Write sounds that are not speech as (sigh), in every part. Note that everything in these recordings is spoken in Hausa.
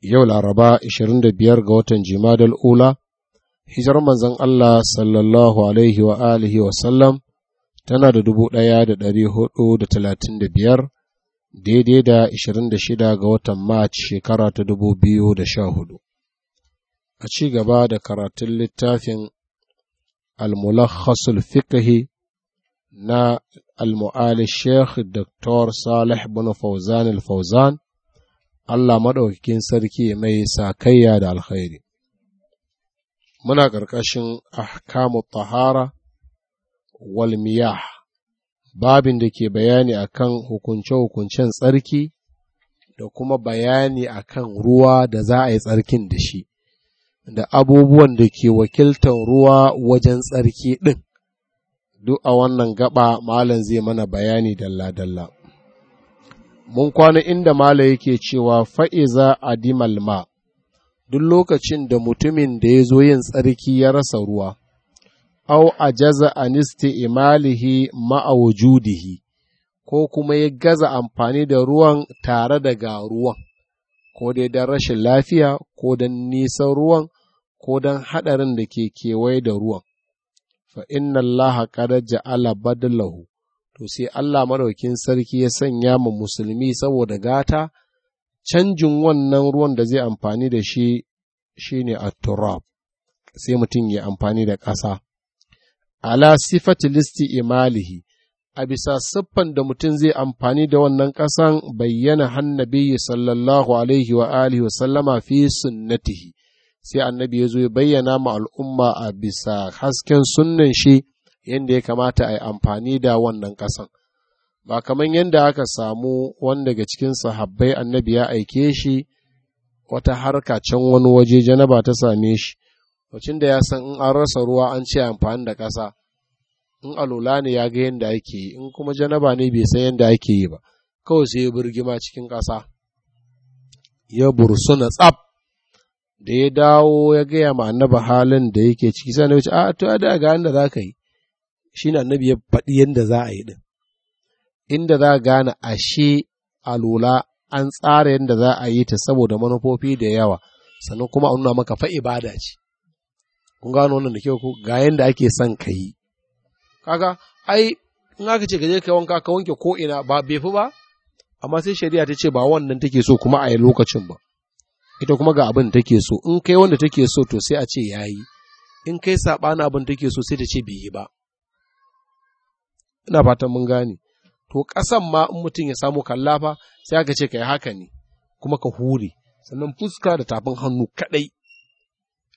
yau laraba 25 ga watan jimadal ula hijar manzon Allah sallallahu alaihi wa alihi wa sallam tana da 1435 daidai da 26 ga watan mac shekara ta 2014 a ci gaba da karatun littafin almulakhasul mulakhasul fiqhi na almu'ali sheikh dr salih bin fauzan al-fauzan Allah maɗaukakin sarki mai sakayya da alkhairi. Muna ƙarƙashin ahkamu tahara wal miyah babin da ke bayani a kan hukunce-hukuncen tsarki da kuma bayani a kan ruwa da za a yi tsarkin da shi, da abubuwan da ke wakiltan ruwa wajen tsarki ɗin, duk a wannan gaba malam zai mana bayani dalla-dalla. mun kwana inda mala yake cewa fa'iza a ma, duk lokacin da mutumin da ya zo yin tsarki ya rasa ruwa, au a jaza niste imalihi Judihi. ko kuma ya gaza amfani da ruwan tare da ruwan, ko dai don rashin lafiya, ko don nisan ruwan, ko don haɗarin da ke kewaye da ruwan. Fa inna Allah ja'ala badalahu to sai Allah maraukin sarki ya sanya ma musulmi saboda gata canjin wannan ruwan da zai amfani da shi shi ne a turab sai mutum ya amfani da ƙasa ala sifati listi imalihi a bisa siffan da mutum zai amfani da wannan ƙasan bayyana hannabi sallallahu alaihi wa alihi wa sallama fi sunnatihi sai annabi ya zo ya bayyana ma al'umma a bisa hasken sunnan shi yadda ya kamata a yi amfani da wannan ƙasan ba kamar yadda aka samu wani daga cikin sahabbai annabi ya aike shi wata harka can wani waje janaba ta same shi wacin da ya san in an rasa ruwa an ce amfani da ƙasa in alola ne ya ga yadda ake yi in kuma janaba ne bai san yadda ake yi ba kawai sai ya birgima cikin ƙasa ya bursu bursuna tsab da ya dawo ya gaya ma annaba halin da yake ciki sai ya ce a to da ga da za yi shi ne annabi ya faɗi yadda za a yi ɗin inda za a gane ashe lula an tsara yadda za a yi ta saboda manufofi da yawa sannan kuma a nuna maka fa ibada ce kun gano wannan da kyau ga yadda ake son ka yi kaga ai in aka ce ka je ka wanka ka wanke ko ina ba befi ba amma sai shari'a ta ce ba wannan take so kuma a yi lokacin ba ita kuma ga abin da take so in kai wanda take so to sai a ce ya yi in kai sabana abin take so sai ta ce bai yi ba ina fatan mun gane to ƙasan ma in mutum ya samu kalla fa sai aka ce ka yi haka ne kuma ka hure sannan fuska da tafin hannu kaɗai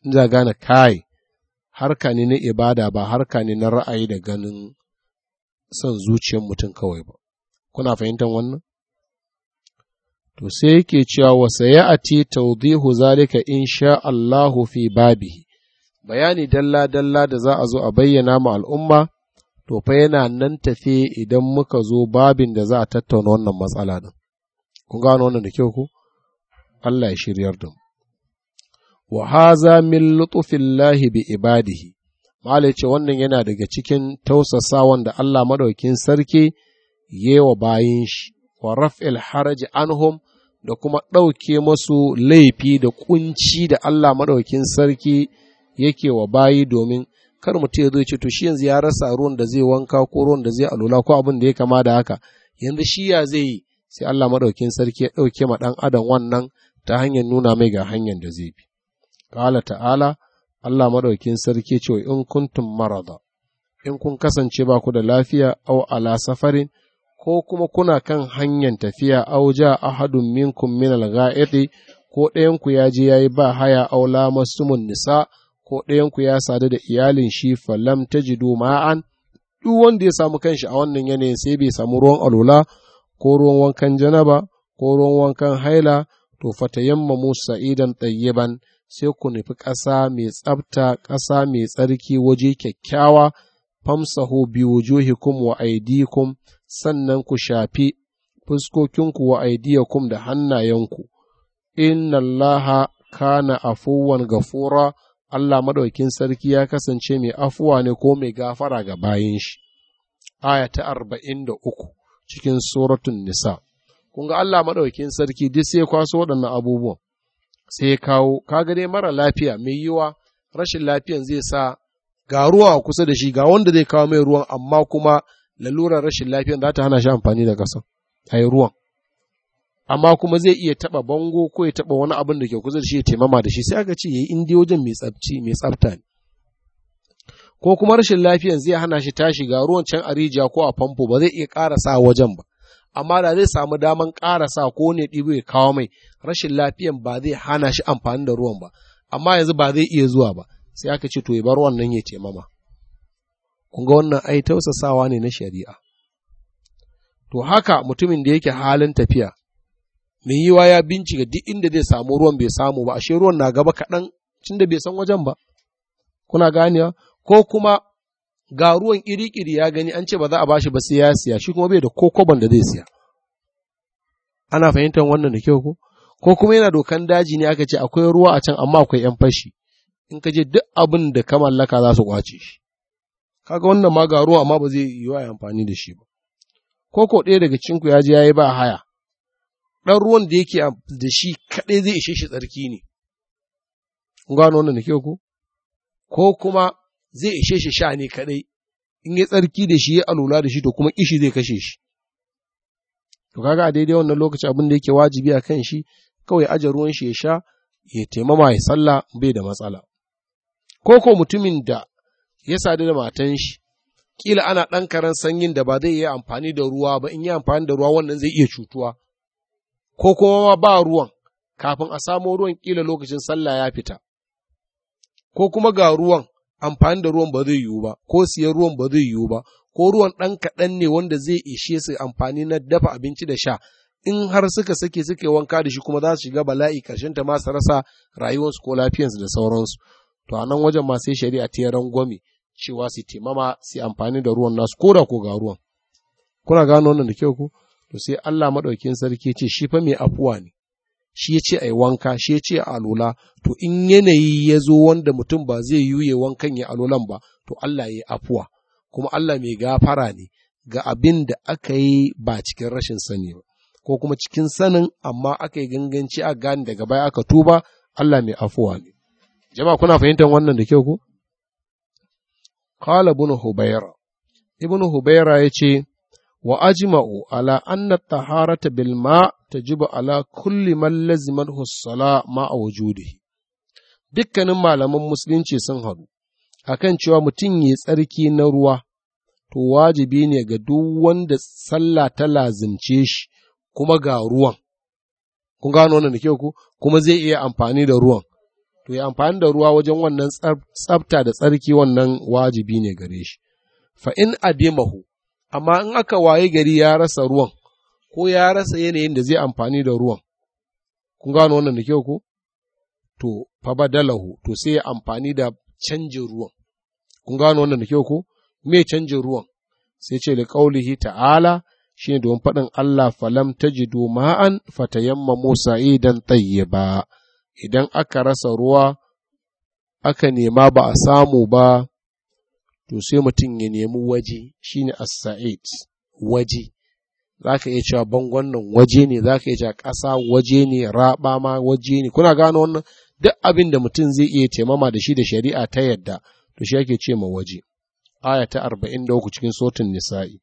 in za gane kai harka ne na ibada ba harka ne na ra'ayi da ganin son zuciyar mutum kawai ba kuna fahimtar wannan to sai yake cewa wa sayati tawdihu zalika insha Allahu fi babihi bayani dalla dalla da za a zo a bayyana ma al'umma to fa yana nan tafe idan muka zo babin da za a tattauna wannan matsala din kun gano wannan da kyau ko Allah ya shiryar da wa haza min lutfillahi bi ibadihi malai wannan yana daga cikin tausasa da Allah madaukin sarki yewa bayin shi wa raf'il haraji anhum da kuma ɗauke masu laifi da kunci da Allah madaukin sarki yake wa bayi domin kar mutum ya zo ce to shi yanzu ya rasa ruwan da zai wanka ko ruwan da zai alula ko abin da ya kama da haka yanzu shi ya zai yi sai Allah madaukin sarki ya dauke ma dan adam wannan ta hanyar nuna mai ga hanyar da zai bi qala ta'ala Allah madaukin sarki ce in kuntum marada in kun kasance ba ku da lafiya au ala safarin ko kuma kuna kan hanyar tafiya au ja ahadun minkum min al ko ɗayan ku ya je yayi ba haya au lamastumun nisa' ko ɗayanku ya sadu da iyalin shi falam ta ji doma'an duk wanda ya samu kanshi a wannan yanayin sai bai samu ruwan alula ko ruwan wankan janaba ko ruwan wankan haila to fata yamma musa idan ɗayyaban sai ku nufi ƙasa mai tsabta ƙasa mai tsarki waje kyakkyawa famsahu bi wujuhikum wa aidikum sannan ku shafi fuskokinku wa aidiyakum da hannayenku inna allaha kana afuwan gafura Allah maɗaukin sarki ya kasance mai afuwa ne ko mai gafara ga bayan shi. Aya ta arba'in da uku cikin suratun Nisa. Kun ga Allah maɗaukin sarki duk sai kwaso waɗannan abubuwan, sai ya kawo, kaga dai mara lafiya mai yiwa rashin lafiyan zai sa ga ruwa a kusa da shi ga wanda zai kawo mai ruwan amma kuma lalurar rashin lafiyan za ta hana shi amfani da ƙasa, a yi ruwan. amma kuma zai iya taba bango ko ya taba wani abin da ke kusa da shi ya taimama da shi sai aka ce yayi indiya wajen mai tsafci mai tsafta ne ko kuma rashin lafiyan zai hana shi tashi ga ruwan can a rijiya ko a famfo ba zai iya sa wajen ba amma da zai samu daman sa ko ne ɗibo ya kawo mai rashin lafiyan ba zai hana shi amfani da ruwan ba amma yanzu ba zai iya zuwa ba sai aka ce to ya bar wannan ya taimama kun ga wannan ai tausasawa ne na shari'a to haka mutumin da yake halin tafiya mai yiwa ya bincika duk inda zai samu ruwan bai samu ba ashe ruwan na gaba kaɗan cin da bai san wajen ba kuna ganewa ko kuma ga ruwan iri-iri ya gani an ce ba za a bashi ba sai ya siya shi kuma bai da kokoban da zai siya ana fahimtar wannan da kyau ko ko kuma yana dokan daji ne aka ce akwai ruwa a can amma akwai yan fashi in ka je duk abin da ka mallaka za su kwace shi kaga wannan ma ga ruwa amma ba zai yi wa amfani da shi ba ko ko ɗaya daga cinku ya je ya yi ba haya ɗan ruwan da yake da shi kaɗai zai ishe shi tsarki ne. Gano wannan da kyau ko? kuma zai ishe shi sha ne kaɗai, in yi tsarki da shi ya alula da shi to kuma ishi zai kashe shi. To kaga a daidai wannan lokaci abin da yake wajibi a kan shi kawai aje ruwan shi ya sha ya taimama ya sallah bai da matsala. Ko ko mutumin da ya sadu da matan shi kila ana ɗan karan sanyin da ba zai iya amfani da ruwa ba in yi amfani da ruwa wannan zai iya cutuwa ko kuma ma ba ruwan kafin a samo ruwan ƙila lokacin sallah ya fita, ko kuma ga ruwan amfani da ruwan ba zai yiwu ba, ko siyan ruwan ba zai yiwu ba, ko ruwan ɗan kaɗan ne wanda zai ishe su amfani na dafa abinci da sha, in har suka sake suke wanka da shi kuma za su shiga bala'i ƙarshen ta masu rasa rayuwarsu ko lafiyarsu da sauransu. To a nan wajen ma sai shari'a ta gwami cewa su taimama su amfani da ruwan nasu ko da ko ga ruwan. Kuna gano wannan da kyau ko? to sai Allah maɗaukin sarki ce shi fa mai afuwa ne shi ya ce a yi wanka shi ya ce a alola to in yanayi ya zo wanda mutum ba zai yuye wankan ya alolan ba to Allah ya yi afuwa kuma Allah mai gafara ne ga abin da aka yi ba cikin rashin sani ba ko kuma cikin sanin amma aka yi ganganci a gane daga baya aka tuba Allah mai afuwa ne jama'a kuna fahimtar wannan da kyau ko Kala ibn hubayra ibn ya yace wa ajma'u ala anna taharata bil ma tajibu ala kulli man lazimat hussala ma a wujudihi dukkanin malaman musulunci sun haɗu akan cewa mutum ya tsarki na ruwa to wajibi ne ga duk wanda sallah ta lazimce shi kuma ga ruwan kun gano wannan da kyau ku kuma zai iya amfani da ruwan to ya amfani da ruwa wajen wannan tsafta da tsarki wannan wajibi ne gare shi fa in adimahu amma in aka waye gari ya rasa ruwan ko ya rasa yanayin da zai amfani da ruwan kun gano wannan da kyau ko to fa badalahu to sai ya amfani da canjin ruwan kun gano wannan da kyau ko me canjin ruwan sai ce li qaulihi ta'ala shine domin faɗin Allah falam tajidu ma'an musa idan tayyiba idan aka rasa ruwa aka nema ba a samu ba to sai mutum ya nemi waje shine as waje za ka iya cewa bangon nan waje ne za ka iya cewa ƙasa waje ne raɓa ma waje ne kuna gano wannan duk abin da mutum zai iya taimama da shi da shari'a ta yadda to shi yake ce ma waje aya ta arba'in da uku cikin sotin nisa'i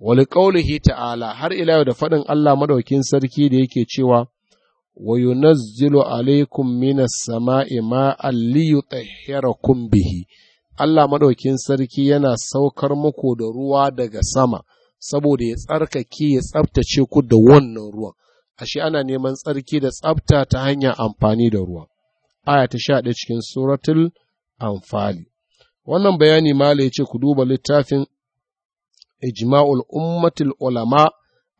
wali qaulihi ta'ala har ila yau da faɗin Allah madaukin sarki da yake cewa wa yunazzilu alaikum minas sama'i ma'an liyutahhirakum bihi Allah maɗaukin sarki yana saukar muku da ruwa daga sama, saboda ya tsarkake ya tsabtace ku da wannan ruwan, ashe ana neman tsarki da tsabta ta hanyar amfani da ruwa. Aya ta sha ɗaya cikin suratul amfali. Wannan bayani mala ya ce ku duba littafin Ijma'ul Ummatul Ulama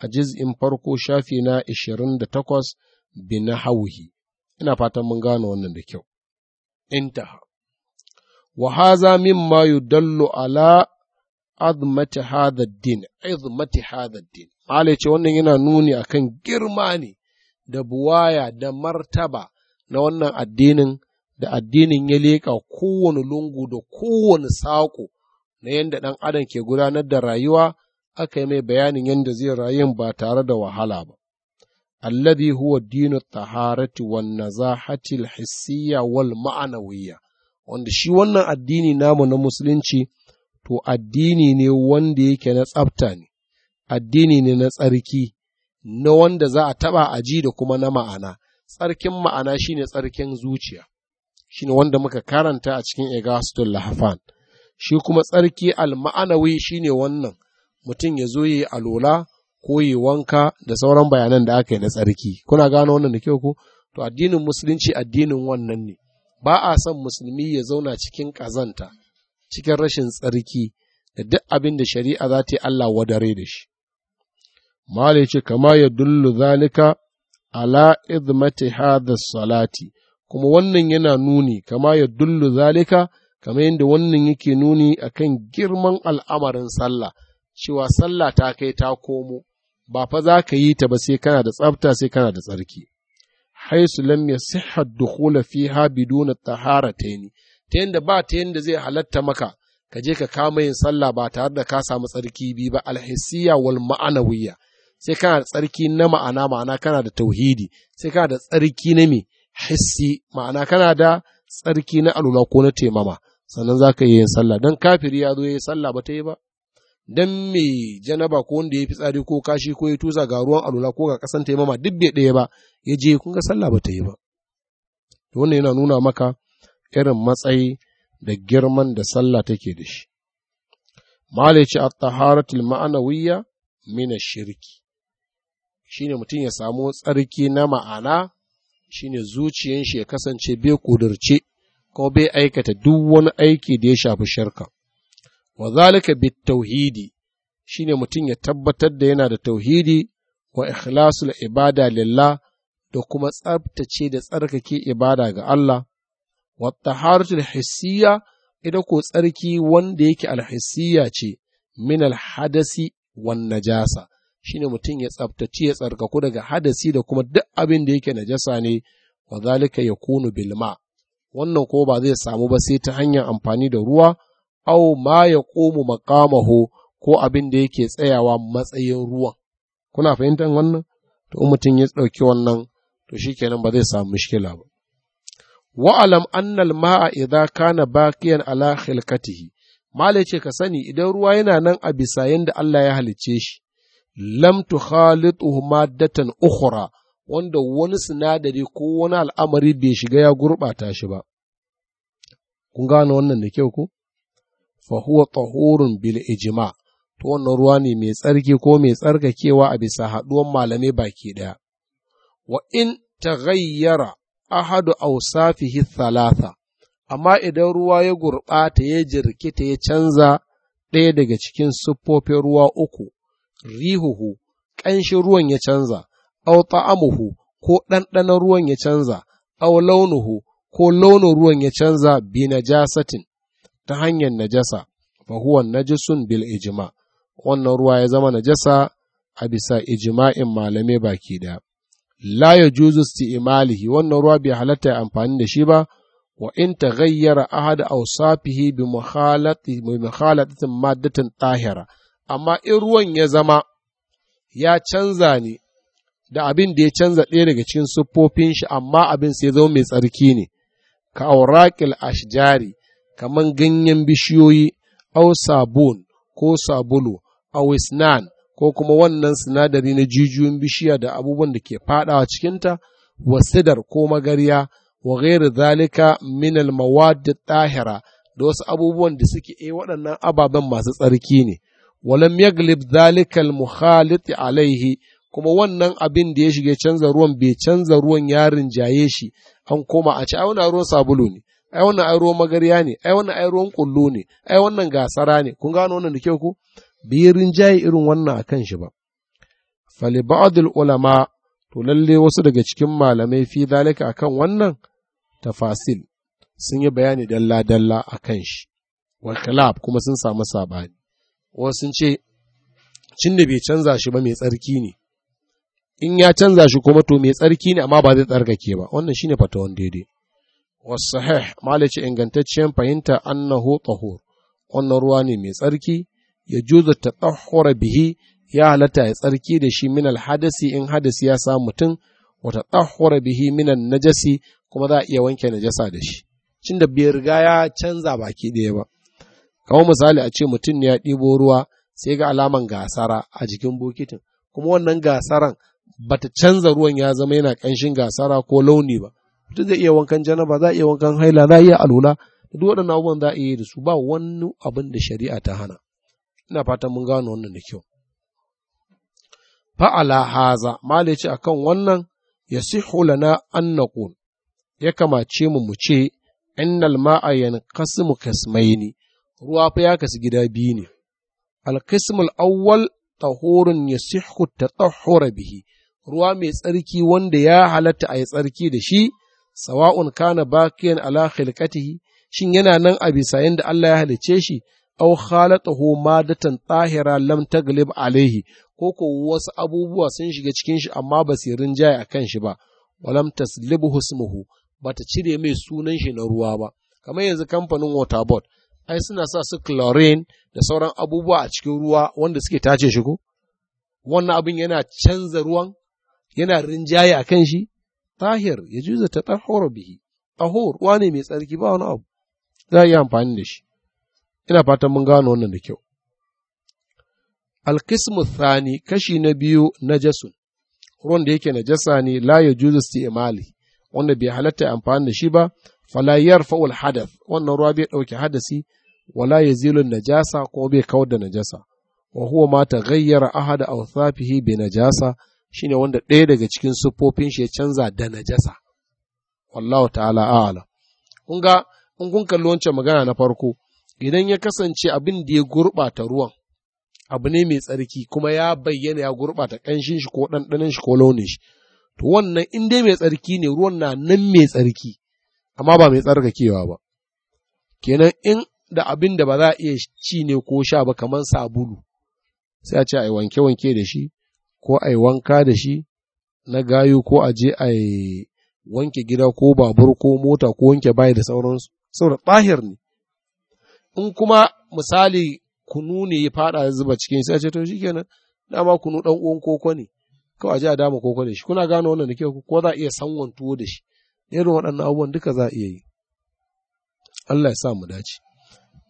a jiz'in farko shafi na ishirin da takwas bi na hauhi. Ina fatan mun gane wannan da kyau. Intaha. وهذا مما يدل على ala هذا الدين din هذا الدين wannan yana nuni akan girma ne da buwaya da martaba na wannan addinin da addinin ya leƙa kowane lungu da kowane saƙo na yadda ɗan adam ke gudanar da rayuwa aka yi mai bayanin yadda zai rayu ba tare da wahala ba alladhi huwa dinu taharati wan nazahati hissiya wal ma'anawiyya wanda shi wannan addini namu na musulunci to addini ne wanda yake na tsafta ne addini ne na tsarki na wanda za a taba aji da kuma na ma'ana tsarkin ma'ana shine tsarkin zuciya shine wanda muka karanta a cikin Egastul Lahafan shi kuma tsarki alma'anawi shine wannan mutum ya zo yi alola ko yi wanka da sauran bayanan da aka yi na tsarki kuna gano wannan da kyau ko to addinin musulunci addinin wannan ne ba a son musulmi ya zauna cikin ƙazanta, cikin rashin tsarki da duk abin da shari'a za ta yi Allah wadare da shi. Mali ce, kama ya dullu zalika ala izmati salati, kuma wannan yana nuni, kama ya dullu zalika, kama yadda wannan yake nuni a kan girman al'amarin sallah, cewa sallah ta kai ta komo, ba fa za ka yi ta ba sai kana da tsafta sai kana da tsarki. haisu lam yasihha dukhula fiha bidun taharatayn ta yanda ba ta yanda zai halarta maka ka je ka kama yin sallah ba tare da ka samu tsarki biyu ba alhasiya wal ma'anawiyya sai kana da tsarki na ma'ana ma'ana kana da tauhidi sai kana da tsarki na me hissi ma'ana kana da tsarki na alula ko na temama sannan za ka yi yin sallah don kafiri ya zo ya yi sallah ba ta yi ba dan me janaba ko wanda ya fi tsari ko kashi ko ya tusa ga ruwan alula ko ga kasan taimama duk bai ɗaya ba ya je kun ga sallah ba ta yi ba wannan yana nuna maka irin matsayi da girman da sallah take da shi malaci at-taharatul ma'anawiyya min shirki shine mutum ya samu tsarki na ma'ana shine zuciyar shi ya kasance bai kudurce ko bai aikata duk wani aiki da ya shafi shirka wa zalika bit tauhidi shine mutum ya tabbatar da yana da tauhidi wa ikhlasul ibada lillah da kuma tsabtace da tsarkake ibada ga Allah wa taharatul hissiya ita ko tsarki wanda yake alhissiyya ce min alhadasi wan najasa shine mutum ya tsabtace ya tsarkaku daga hadasi da kuma duk abin da yake najasa ne wa zalika yakunu bilma wannan ko ba zai samu ba sai ta hanyar amfani da ruwa au ma ya ƙomu makamaho ko abin da yake tsayawa matsayin ruwa. Kuna fahimtar wannan? To, in mutum ya ɗauki wannan, to shi kenan ba zai samu mishkila ba. Wa'alam annal ma'a idza kana baqiyan ala khilqatihi Malai ce ka sani idan ruwa yana nan a bisa yadda Allah ya halicce shi, lam tu khalituhu maddatan ukhra wanda wani sinadari ko wani al'amari bai shiga ya gurɓata shi ba. Kun gane wannan da kyau ko? fahuwa huwa bil ijma to wannan ruwa ne mai tsarki ko mai tsarkakewa a bisa haɗuwan malamai baki ɗaya wa in taghayyara ahadu awsafihi thalatha amma idan ruwa ya gurɓata ya jirkita ya canza ɗaya daga cikin siffofin ruwa uku rihuhu ƙanshin ruwan ya canza aw ta'amuhu ko ɗanɗanon ruwan ya canza aw launuhu ko launin ruwan ya canza bi najasatin ta hanyar najasa fa huwa najisun bil ijma wannan ruwa ya zama najasa a bisa ijma'in malamai baki daya la yajuzu isti'malihi wannan ruwa bai halatta amfani da shi ba wa in taghayyara ahad awsafihi bi mukhalati bi mukhalati maddatin tahira amma in ruwan ya zama ya canza ne da abin da ya canza ɗaya daga cikin siffofin shi amma abin sai zama mai tsarki ne ka auraqil ashjari kaman ganyen bishiyoyi, au sabon ko sabulu, au isnan ko kuma wannan sinadari na jijiyoyin bishiya da abubuwan da ke fadawa cikinta, wa sidar ko magarya, wa gairu zalika min al mawad tahira da wasu abubuwan da suke eh waɗannan ababen masu tsarki ne. Walam yaglib zalika al mukhalit alaihi kuma wannan abin da ya shige canza ruwan bai canza ruwan yarin jaye shi an koma a ci auna ruwan sabulu ne ai wannan ai ruwan magarya ne ai wannan ai ruwan kullu ne ai wannan gasara ne kun gano wannan da kyau ku bi rinjayi irin wannan akan shi ba fali ba'dul ulama to lalle wasu daga cikin malamai fi dalika akan wannan tafasil sun yi bayani dalla dalla akan shi wal kalab kuma sun samu sabani wasu sun ce cin da bai canza shi ba mai tsarki ne in ya canza shi kuma to mai tsarki ne amma ba zai tsarkake ba wannan shine fatawan daidai wasahih malice ingantacciyar fahimta annahu tahur wannan ruwa ne mai tsarki ya juzu ta tsahura bihi ya halatta ya tsarki da shi minal hadasi in hadasi ya mutum wata tsahura bihi minan najasi kuma za a iya wanke najasa da shi cin da bai riga ya canza baki ɗaya ba kawo misali a ce mutum ne ya ɗibo ruwa sai ga alaman gasara a jikin bokitin kuma wannan gasaran bata canza ruwan ya zama yana ƙanshin gasara ko launi ba mutum zai iya wankan janaba za a iya wankan haila za a iya alula duk waɗannan abubuwan za a iya da su ba wani abin da shari'a ta hana ina fatan mun gano wannan da kyau fa'ala haza mala ce akan wannan ya si hulana an ya kamace mu mu ce innal ma'a yanqasimu kasmaini ruwa fa ya kasu gida biyu ne alqismul awwal tahurun yasihu tatahhura bihi ruwa mai tsarki wanda ya halatta a yi tsarki da shi sawa'un kana bakiyan ala khilqatihi shin yana nan a bisa yanda Allah ya halice shi aw khalatahu madatan tahira lamta galib alaihi ko ko wasu abubuwa sun shiga cikin shi amma ba su rinjaye kan shi ba walam taslibuhu ba bata cire mai sunan shi na ruwa ba kamar yanzu kamfanin waterboard ai suna sa su chlorine da sauran abubuwa a cikin ruwa wanda suke tace shi ko wannan abin yana canza ruwan yana rinjaye akan shi tahir ya juza ta tahoro bihi tahor wane ne mai tsarki ba wani abu za a yi amfani da shi ina fatan mun gano wannan da kyau alkismu thani kashi na biyu najasun ruwan da yake najasa ne la ya su imali wanda bai halatta amfani da shi ba fala yarfa'ul hadath wannan ruwa bai dauke hadasi wala yazilu najasa ko bai kawar da najasa wa huwa ma taghayyara ahada awthafihi bi najasa Shi ne wanda ɗaya daga cikin siffofin shi ya canza da najasa wallahu ta'ala a'ala kun ga in kun kalli wancan magana na farko idan ya kasance abin da ya gurɓata ruwan abu ne mai tsarki kuma ya bayyana ya gurɓata ƙanshin shi ko ɗanɗanon shi ko launin shi to wannan in dai mai tsarki ne ruwan na nan mai tsarki amma ba mai tsarkakewa ba kenan in da abin da ba za a iya ci ne ko sha ba kamar sabulu sai a ce a yi wanke wanke da shi ko a yi wanka da shi na gayu ko a je a yi wanke gida ko babur ko mota ko wanke bayi da sauransu saboda ɓahir ne in kuma misali kunu ne ya fada ya zuba cikin sai a ce to shikenan dama kunu dan uwan koko ne Ko a je a dama koko da shi kuna gano wannan da kyau ko za a iya sanwan tuwo da shi irin waɗannan abubuwan duka za a iya yi Allah ya sa mu dace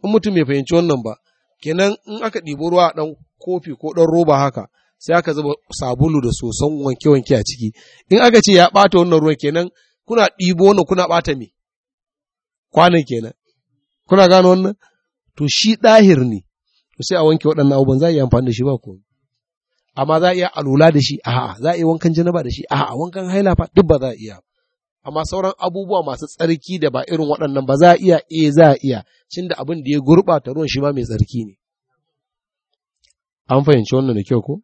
in mutum ya fahimci wannan ba kenan in aka ɗibi ruwa ɗan kofi ko ɗan roba haka sai aka zuba sabulu da sosan wanke-wanke a ciki in aka ce ya ɓata wannan ruwan kenan kuna ɗibo wannan kuna ɓata me kwanan kenan kuna gano wannan to shi ɗahir ne to sai a wanke waɗannan abubuwan za a iya amfani da shi ba ko amma za a iya alula da shi a'a za a iya wankan janaba da shi a'a wankan haila fa duk ba za a iya amma sauran abubuwa masu tsarki da ba irin waɗannan ba za a iya eh za a iya cin da abin da ya gurɓata ruwan shi ma mai tsarki ne an fahimci wannan da kyau ko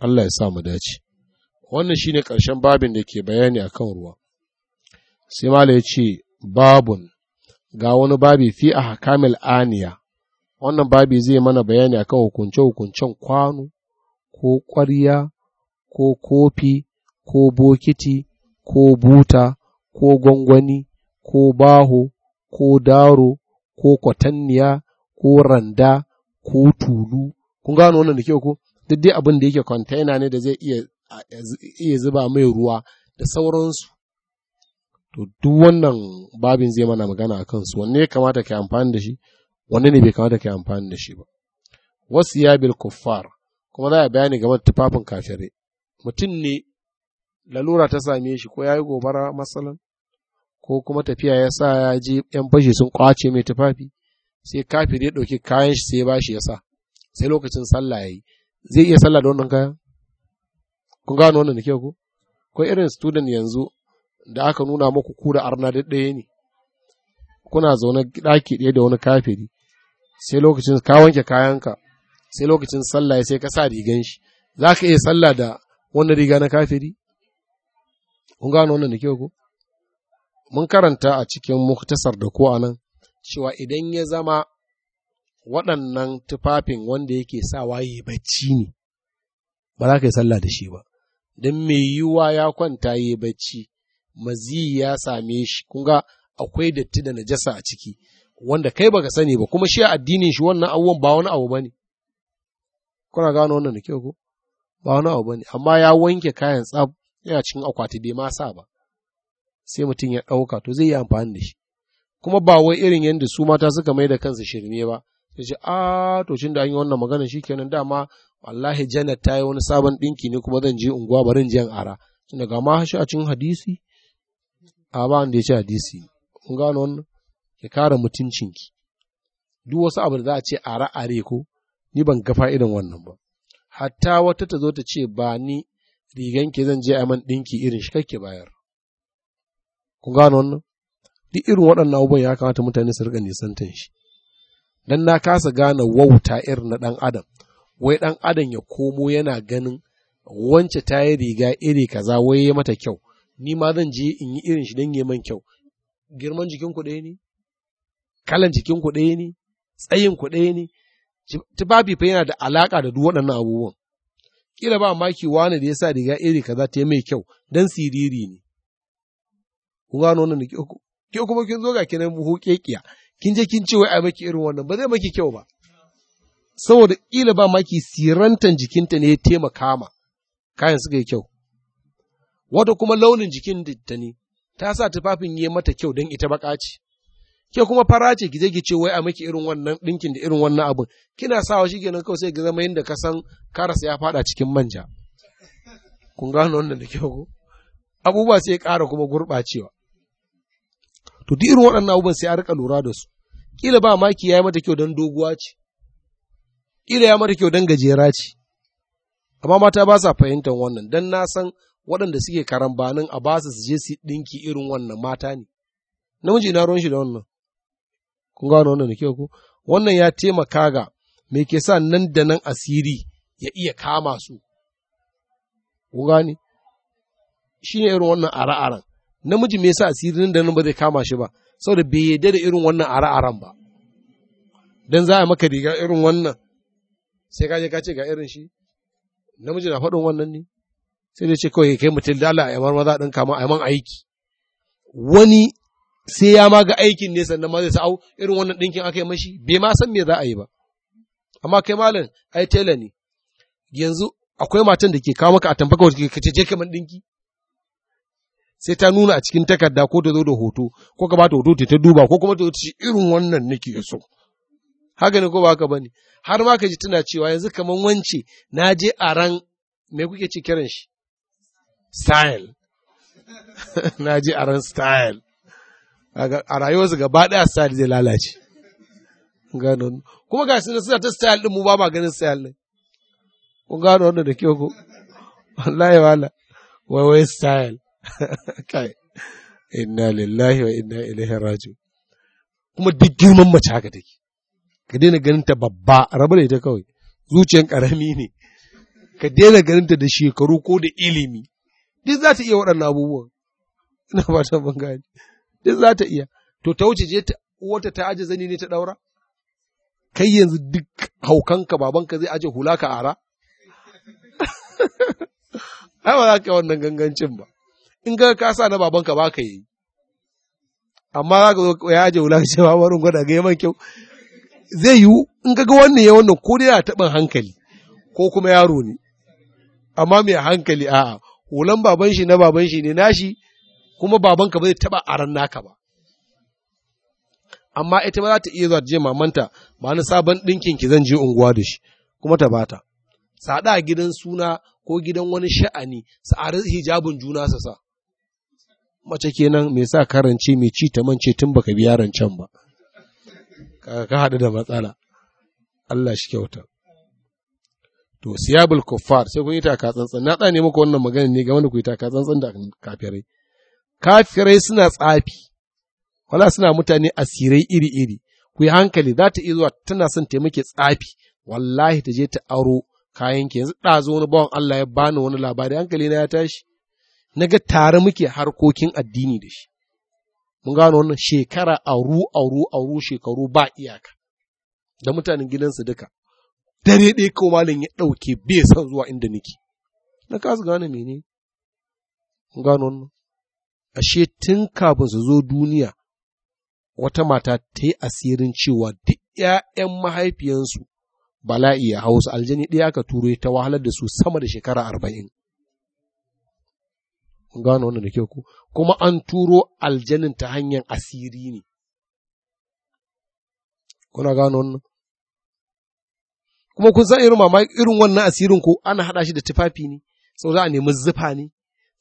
Allah ya sa mu dace wannan shine karshen babin da ke bayani akan ruwa sai mala ya ce babun ga wani babi fi a hakamil aniya wannan babi zai mana bayani akan hukunce-hukuncen kwano ko ƙwarya ko kofi ko bokiti ko buta ko gwangwani ko baho ko daro ko kwatanniya ko randa ko tulu kun gano wannan da ke ko duk dai abin da yake kwantaina ne da zai iya zuba mai ruwa da sauransu to duk wannan babin zai mana magana a kansu wanne ya kamata ka amfani da shi wanne ne bai kamata ka amfani da shi ba wasu ya bil kuffar kuma za a bayani game da tufafin kafirai mutum ne lalura ta same shi ko ya yi gobara matsalan ko kuma tafiya ya sa ya je yan fashi sun kwace mai tufafi sai kafir ya ɗauki kayan shi sai ya bashi ya sa sai lokacin sallah ya yi zai iya sallah da wannan kayan kun gano wannan da kyau ko akwai irin student yanzu da aka nuna muku ku da arna ɗaya ne kuna zaune daki ɗaya da wani kafiri sai lokacin ka wanke kayanka sai lokacin sallah sai ka sa rigan shi za ka iya sallah da wani riga na kafiri kun gano wannan da kyau ko mun karanta a cikin muktasar da ko anan cewa idan ya zama waɗannan tufafin wanda yake sa waye bacci ne, ba za ka yi sallah da shi ba, don mai yiwuwa ya kwanta yi bacci, mazi ya same shi, kun akwai datti da najasa a ciki, wanda kai baka sani ba, kuma shi addinin shi wannan abubuwan ba wani abu ba ne. Kuna gano wannan da kyau ko? Ba wani abu ba ne, amma ya wanke kayan tsab yana cikin akwati bai ma sa ba, sai mutum ya ɗauka to zai yi amfani da shi. Kuma ba wai irin yadda su mata suka mai da kansu shirme ba, ya ce a ah, to shin da an yi wannan magana shi kenan dama wallahi janet ta yi wani sabon ɗinki ne kuma zan je unguwa barin jiyan ara tun daga ma shi a cin hadisi a ba da ya ce hadisi kun gano wannan ya mutuncin mutuncinki duk wasu abu da za a ce ara are ko ni ban ga fa'idan wannan ba hatta wata ta zo ta ce ba ni rigan ke zan je a man ɗinki irin shi kake bayar kun gano wannan duk irin waɗannan abubuwan ya kamata mutane su riƙa nisantan shi dan na kasa gane wauta irin na ɗan adam wai ɗan adam ya komo yana ganin wance ta yi riga iri kaza wai ya mata kyau ni ma zan je in yi irin shi don yi man kyau girman jikin ku ɗaya ne kalan jikin ku ɗaya ne tsayin ku ɗaya ne tufafi fa yana da alaka da duk waɗannan abubuwan kila ba maki wani da ya sa riga iri kaza ta yi mai kyau don siriri ne ku gano wannan da kyau kuma kin zo ga kinan buhu kekiya kin je kin ce wai a maki irin wannan ba zai maki kyau ba saboda kila ba maki sirantan jikinta ne ya taimaka ma kayan suka yi kyau wata kuma launin jikin ta ne ta sa tufafin yi mata kyau don ita baka ce ke kuma fara ce ki je ki ce wai a maki irin wannan ɗinkin da irin wannan abun kina sawa shi kenan kawai sai ki zama yadda ka san karasa ya fada cikin manja kun gano wannan da kyau ko abubuwa sai ya kara kuma gurɓacewa to duk irin waɗannan abubuwan sai a rika lura da su kila ba maki ya yi mata kyau don doguwa ce kila ya mata kyau don gajera ce amma mata ba sa fahimtar wannan don na san waɗanda suke karambanin a ba su je su ɗinki irin wannan mata ne namiji na ruwan shi da wannan kun gano wannan da kyau ko wannan ya taimaka ga me ke sa nan da nan asiri ya iya kama su kun gane shi ne irin wannan ara'aran namiji me yasa asirin da nan ba zai kama shi ba saboda bai yarda da irin wannan ara-aran ba dan za a maka riga irin wannan sai ka je ka ce ga irin shi namiji na faɗin wannan ne sai dai ce kawai kai mutum da Allah a yamar maza din kama a aiki wani sai ya ma ga aikin ne sannan ma zai au irin wannan ɗinkin aka yi mashi bai ma san me za a yi ba amma kai malam ai tela ne yanzu akwai matan da ke kawo maka a tamfaka wata ke kace je kaman ɗinki sai ta nuna a cikin takarda ko ta zo da hoto ko ka bata hoto ta duba ko kuma ta ce irin wannan nake so haka ne ko ba haka bane har ma ka ji tana cewa yanzu kaman wance na je a ran me kuke ci kiran shi style (laughs) na je a ran style a rayuwarsu gaba daya style zai lalace gano kuma ga su suna ta style din mu ba ma ganin style din kun gano wannan da kyau ko (laughs) wallahi wala wai wai style (laughs) kai inna lillahi wa inna ilaihi raji kuma duk girman mace haka take ka daina ganin ta babba rabu da ita kawai zuciyan karami ne ka daina ganin ta da shekaru ko da ilimi duk za ta iya waɗannan abubuwan ina ba ta ban gani duk za ta iya to ta wuce je ta uwarta ta aje zani ne ta daura kai yanzu duk haukanka babanka zai aje hula ka ara (laughs) ai ba za ka yi wannan gangancin ba in ga ka sa na babanka ba ka yi amma za ka zo ya je wula ce ba barin gwada ga yaman kyau zai yiwu in ga wannan ya wannan ko dai na taɓin hankali ko kuma yaro ne amma mai hankali a'a hulan baban shi na baban shi ne nashi kuma babanka ba zai taɓa ran naka ba amma ita ba za ta iya zuwa je mamanta ba na sabon ɗinkin ki zan je unguwa da shi kuma ta bata sada gidan suna ko gidan wani sha'ani sa'arin hijabin juna sa sa mace kenan mai sa karance mai ci ta mance tun baka biya rancen ba ka haɗu da matsala Allah shi kyauta to siyabul kuffar sai kun yi taka tsantsan na tsane muku wannan magana ne game da ku yi taka tsantsan da kafirai kafirai suna tsafi wala suna mutane asirai iri-iri ku yi hankali za ta iya zuwa tana son taimake tsafi wallahi ta je ta aro kayan ki yanzu ɗazu wani bawan Allah ya bani wani labari hankali na ya tashi na ga tare muke harkokin addini da shi mun gano wannan shekara aru aru aru shekaru ba iyaka da mutanen gidansu duka dare ɗaya ko malin ya ɗauke bai son zuwa inda nake na kasu gane mene mun gano wannan ashe tun kafin su zo duniya wata mata ta yi asirin cewa duk ‘ya'yan mahaifiyansu bala'i ya hausa aljani ɗaya aka turo ta wahalar da su sama da shekara arba'in kun gano wannan da kyau ku kuma an turo aljanin ta hanyar asiri ne kuna gano wannan kuma kun san irin mamaki irin wannan asirin ko ana hada shi da tufafi ne sau za a nemi zufa ne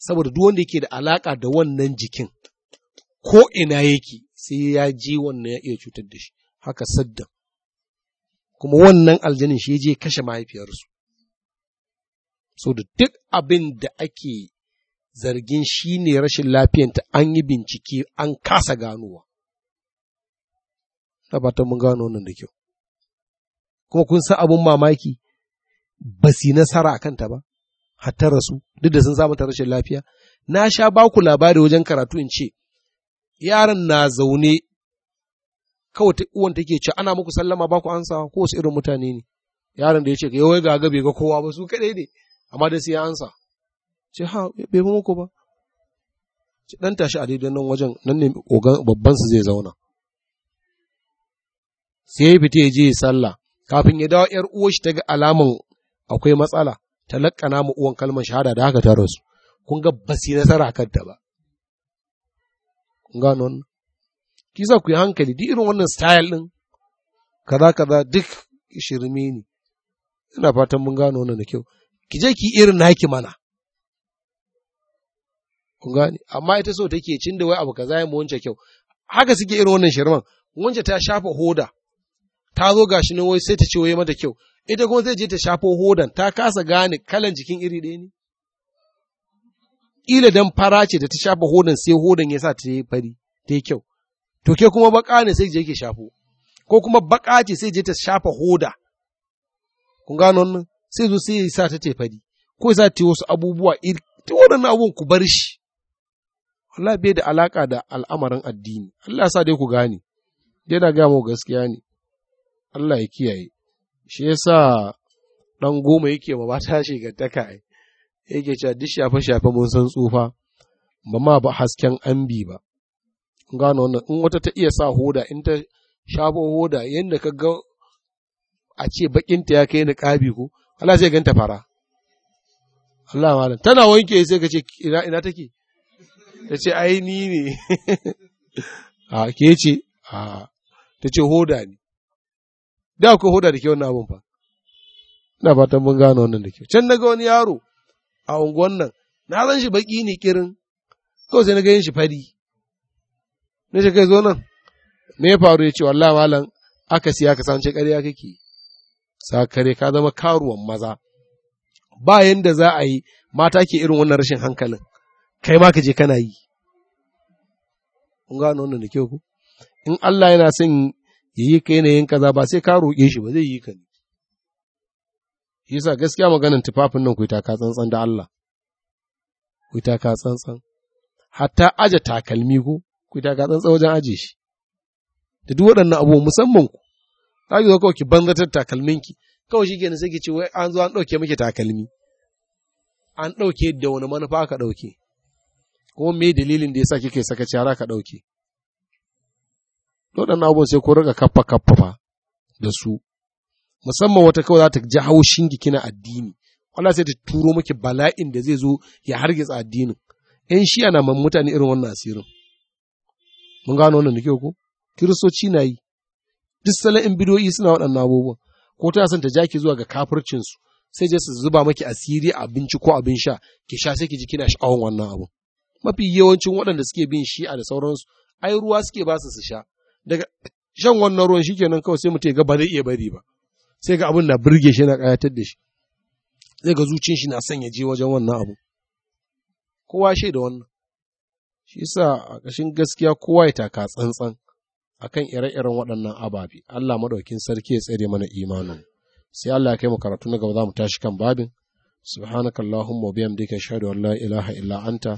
saboda duk wanda yake da alaka da wannan jikin ko ina yake sai ya je wannan ya iya cutar da shi haka saddan kuma wannan aljanin shi je kashe mahaifiyarsu so da duk abin da ake zargin shi ne rashin lafiyanta an yi bincike an kasa ganowa. Tabbatar mun gano wannan da kyau. Kuma kun san abin mamaki ba su nasara a kanta ba, hatta rasu, duk da sun samu ta rashin lafiya. Na sha ba ku labari wajen karatu in ce, yaran na zaune kawai uwan take ce ana muku sallama ba ku ansa ko wasu irin mutane ne. Yaron da ya ce, yawai ga gabe ga kowa ba su kaɗai ne, amma da sai ya ansa. ce ha bai bi muku ba ce dan tashi a daidai nan wajen nan ne babban su zai zauna sai ya fita ya je sallah kafin ya dawo yar uwar shi ta ga alaman akwai matsala ta lakkana mu uwan kalmar shahada da haka ta rasu kun ga ba su nasara kanta ba kun gano wannan kisa ku yi hankali duk irin wannan style din kaza kaza duk shirme ne ina fatan mun gano wannan da kyau ki je ki irin naki mana ku gane amma ita so take cin da wai abu kaza ya mu wance kyau haka suke irin wannan shirman wance ta shafa hoda ta zo gashi nan wai sai ta ce wai mata kyau ita kuma zai je ta shafo hodan ta kasa gane kalan jikin iri ɗaya ne ila dan fara ce da ta shafa hodan sai hodan ya sa ta yi fari ta yi kyau to ke kuma baka ne sai je ke shafo ko kuma baka ce sai je ta shafa hoda kun gano wannan sai zo sai ya sa ta ta fari ko ya sa ta wasu abubuwa iri ta waɗannan abubuwan ku bar shi Allah bai da alaka da al'amarin addini Allah sa dai ku gane yana na mu gaskiya ne Allah ya kiyaye shi ya sa ɗan goma yake ta (laughs) shiga ta ai yake cewa duk shafe shafe mun san tsufa ba ma ba hasken ambi ba gano wannan in wata ta iya sa hoda in ta shafo hoda yadda ka ga a ce bakinta ya kai ni ƙabi ko Allah sai ganta fara Allah malam tana wanke sai ka ce ina ina take ta ce ai ni ne (laughs) a ke ce a ta ce hoda ne da akwai hoda da ke wannan abin fa ina fatan mun gano wannan da ke can ga wani yaro a unguwan nan na zan shi baki ne kirin kawai sai na ganin shi fari na ce kai zo nan me ya faru ya ce wallahi malam aka siya ka sance ƙarya kake sakare ka zama karuwan maza ba yanda za a yi mata ke irin wannan rashin hankalin kai ma ka je kana yi kun gano wannan da kyau ku in Allah yana son ya yi ka yanayin kaza ba sai ka roƙe shi ba zai yi ka ne yasa gaskiya maganin tufafin nan ku yi taka tsantsan da Allah ku yi taka tsantsan hatta aje takalmi ku ku yi taka tsantsan wajen aje shi da duk waɗannan abubuwan musamman ku za ki zo kawai ki banzatar ki, kawai shi kenan sai ki ce wai an zo an ɗauke miki takalmi an ɗauke da wani manufa aka ɗauke ko me dalilin da yasa kike saka cara ka dauke waɗannan abun sai ko riga kaffa kaffa fa da su musamman wata kawai za ta ji haushin ki kina addini Allah sai ta turo miki bala'in da zai zo ya hargitsa addinin Yan shi'a na man mutane irin wannan asirin mun gano wannan da kyau ko kiristoci na yi duk sala'in bidoyi suna waɗannan abubuwan ko tana san ta ja ki zuwa ga kafircinsu sai je su zuba maki asiri abinci ko abin sha ki sha sai ki ji kina sha'awan wannan abu mafi yawancin waɗanda suke bin shi'a da sauransu ai ruwa suke ba su sha daga shan wannan ruwan shikenan kawai sai mutum ya ga ba zai iya bari ba sai ga abin na burge shi na kayatar da shi sai ga zuciyar shi na son ya je wajen wannan abu kowa shi da wannan shi yasa a ƙashin gaskiya kowa ya taka tsantsan akan ire-iren waɗannan ababe Allah madaukin sarki ya tsere mana imanin sai Allah ya kai mu karatu na gaba za mu tashi kan babin subhanakallahumma wa bihamdika ashhadu an la ilaha illa anta